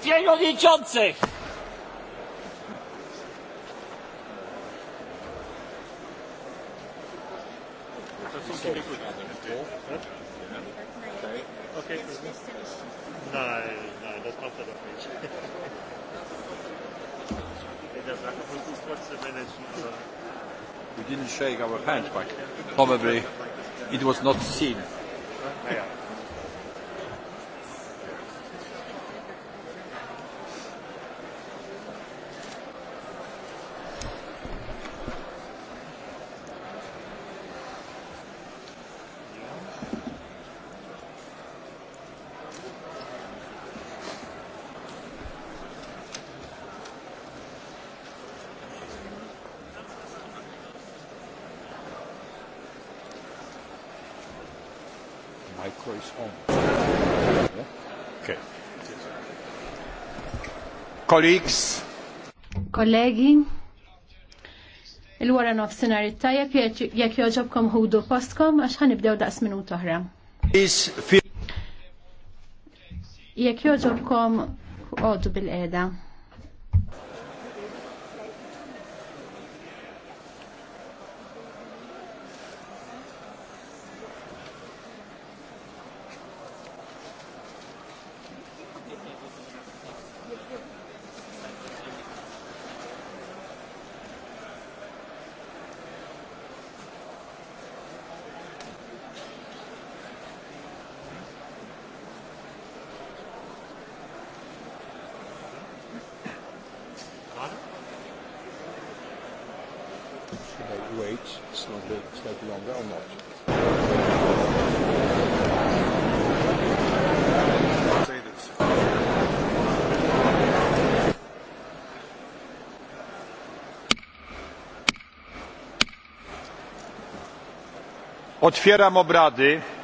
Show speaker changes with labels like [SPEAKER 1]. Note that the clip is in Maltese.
[SPEAKER 1] przewodniczących! Nein, We didn't shake our hands, but probably it was not seen. Ah, micro is on. Yeah? Okay. Colleagues. Kollegi. Il-wara nofsinar it-tajab jekk joġobkom ħudu postkom għax ħanibdew daqs minut oħra. Jekk joġobkom għodu bil eda Should I wait slightly, slightly longer or not? Otwieram obrady.